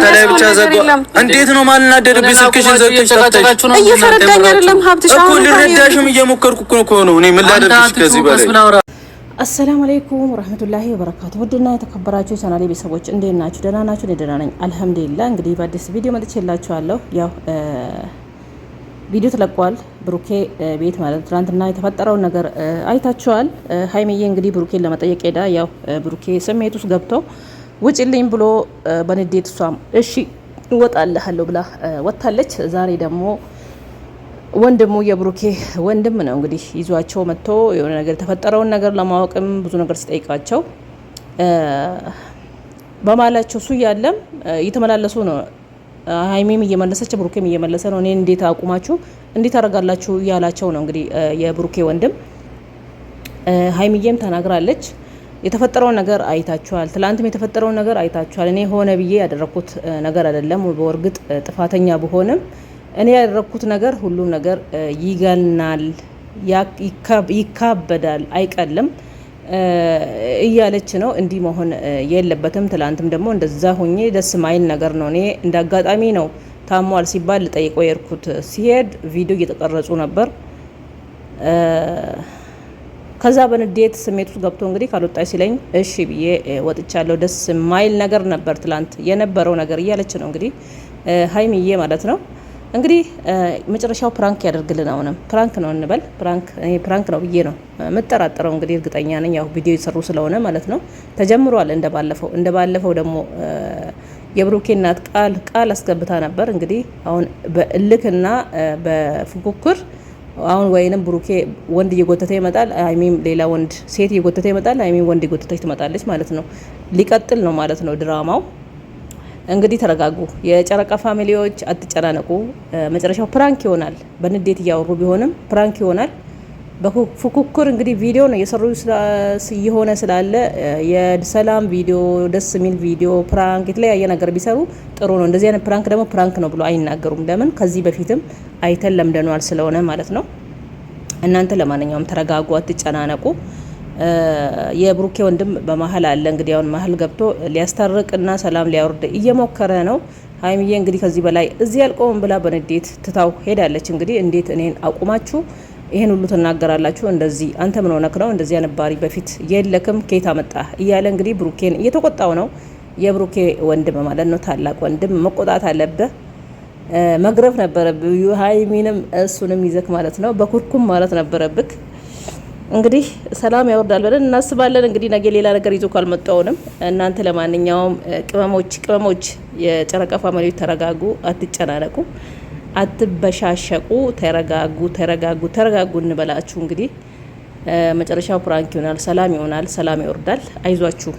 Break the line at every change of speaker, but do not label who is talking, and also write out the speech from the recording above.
አንተ ላይ ብቻ ዘጎ እንዴት ነው ማልናደድብኝ? ስልክሽን ዘግተሽ
ነው እየፈረዳኝ አይደለም ሀብትሽ። እኮ ልረዳሽም እየሞከርኩ እኮ ነው እኔ ምን ላደርግሽ ከዚህ በላይ አሰላሙ አለይኩም ወረህመቱላሂ ወበረካቱ። ውድና የተከበራችሁ የቻናሌ ቤተሰቦች እንዴት ናችሁ? ደህና ናችሁ? እኔ ደህና ነኝ አልሐምዱሊላህ። እንግዲህ በአዲስ ቪዲዮ መጥቼላችኋለሁ። ያው ቪዲዮ ተለቋል፣ ብሩኬ ቤት ማለት ትናንትና የተፈጠረውን ነገር አይታችኋል። ሀይሚዬ እንግዲህ ብሩኬን ለመጠየቅ ሄዳ ያው ብሩኬ ስሜት ውስጥ ገብተው ውጭልኝ ብሎ በንዴት እሷም እሺ እወጣልሃለሁ ብላ ወጥታለች። ዛሬ ደግሞ ወንድሙ የብሩኬ ወንድም ነው እንግዲህ ይዟቸው መጥቶ የሆነ ነገር የተፈጠረውን ነገር ለማወቅም ብዙ ነገር ሲጠይቃቸው በማላቸው እሱ እያለም እየተመላለሱ ነው። ሀይሚም እየመለሰች ብሩኬም እየመለሰ ነው። እኔ እንዴት አቁማችሁ እንዴት አደርጋላችሁ እያላቸው ነው እንግዲህ የብሩኬ ወንድም ሀይሚዬም ተናግራለች። የተፈጠረውን ነገር አይታችኋል። ትላንትም የተፈጠረውን ነገር አይታችኋል። እኔ ሆነ ብዬ ያደረግኩት ነገር አይደለም። በእርግጥ ጥፋተኛ ብሆንም እኔ ያደረግኩት ነገር ሁሉም ነገር ይገናል፣ ይካበዳል፣ አይቀልም እያለች ነው። እንዲህ መሆን የለበትም። ትላንትም ደግሞ እንደዛ ሆኜ ደስ ማይል ነገር ነው። እኔ እንደ አጋጣሚ ነው ታሟል ሲባል ልጠይቀው የርኩት ሲሄድ ቪዲዮ እየተቀረጹ ነበር ከዛ በንዴት ስሜት ውስጥ ገብቶ እንግዲህ ካልወጣ ሲለኝ እሺ ብዬ ወጥቻለሁ። ደስ ማይል ነገር ነበር ትላንት የነበረው ነገር እያለች ነው እንግዲህ ሀይሚዬ ማለት ነው። እንግዲህ መጨረሻው ፕራንክ ያደርግልን። አሁንም ፕራንክ ነው እንበል። ፕራንክ ፕራንክ ነው ብዬ ነው የምጠራጠረው። እንግዲህ እርግጠኛ ነኝ ያው ቪዲዮ የሰሩ ስለሆነ ማለት ነው። ተጀምሯል እንደባለፈው እንደባለፈው ደግሞ የብሩኬ እናት ቃል ቃል አስገብታ ነበር። እንግዲህ አሁን በእልክና በፉክክር አሁን ወይንም ብሩኬ ወንድ እየጎተተ ይመጣል፣ አይሚም ሌላ ወንድ ሴት እየጎተተ ይመጣል፣ አይሚም ወንድ እየጎተተች ትመጣለች ማለት ነው። ሊቀጥል ነው ማለት ነው ድራማው። እንግዲህ ተረጋጉ፣ የጨረቃ ፋሚሊዎች አትጨናነቁ። መጨረሻው ፕራንክ ይሆናል። በንዴት እያወሩ ቢሆንም ፕራንክ ይሆናል። በፉክክር እንግዲህ ቪዲዮ ነው የሰሩ እየሆነ ስላለ የሰላም ቪዲዮ፣ ደስ የሚል ቪዲዮ፣ ፕራንክ የተለያየ ነገር ቢሰሩ ጥሩ ነው። እንደዚህ አይነት ፕራንክ ደግሞ ፕራንክ ነው ብሎ አይናገሩም። ለምን ከዚህ በፊትም አይተን ለምደኗል ስለሆነ ማለት ነው። እናንተ ለማንኛውም ተረጋጉ፣ አትጨናነቁ። የብሩኬ ወንድም በመሀል አለ እንግዲህ አሁን መሀል ገብቶ ሊያስታርቅና ሰላም ሊያወርድ እየሞከረ ነው። ሀይሚዬ እንግዲህ ከዚህ በላይ እዚህ ያልቆም ብላ በንዴት ትታው ሄዳለች። እንግዲህ እንዴት እኔን አቁማችሁ ይህን ሁሉ ትናገራላችሁ እንደዚህ አንተ ምን ሆነክ ነው እንደዚህ አነባሪ በፊት የለክም ኬታ መጣ እያለ እንግዲህ ብሩኬን እየተቆጣው ነው። የብሩኬ ወንድም ማለት ነው ታላቅ ወንድም መቆጣት አለብህ፣ መግረፍ ነበረብህ። ሀይሚንም እሱንም ይዘክ ማለት ነው በኩርኩም ማለት ነበረብክ። እንግዲህ ሰላም ያወርዳል ብለን እናስባለን። እንግዲህ ነገ ሌላ ነገር ይዞ ካልመጣውንም እናንተ ለማንኛውም ቅመሞች ቅመሞች የጨረቃ ፋሚሊዎች ተረጋጉ፣ አትጨናነቁ። አትበሻሸቁ፣ ተረጋጉ፣ ተረጋጉ፣ ተረጋጉ እንበላችሁ። እንግዲህ መጨረሻው ፕራንክ ይሆናል፣ ሰላም ይሆናል፣ ሰላም ይወርዳል። አይዟችሁ።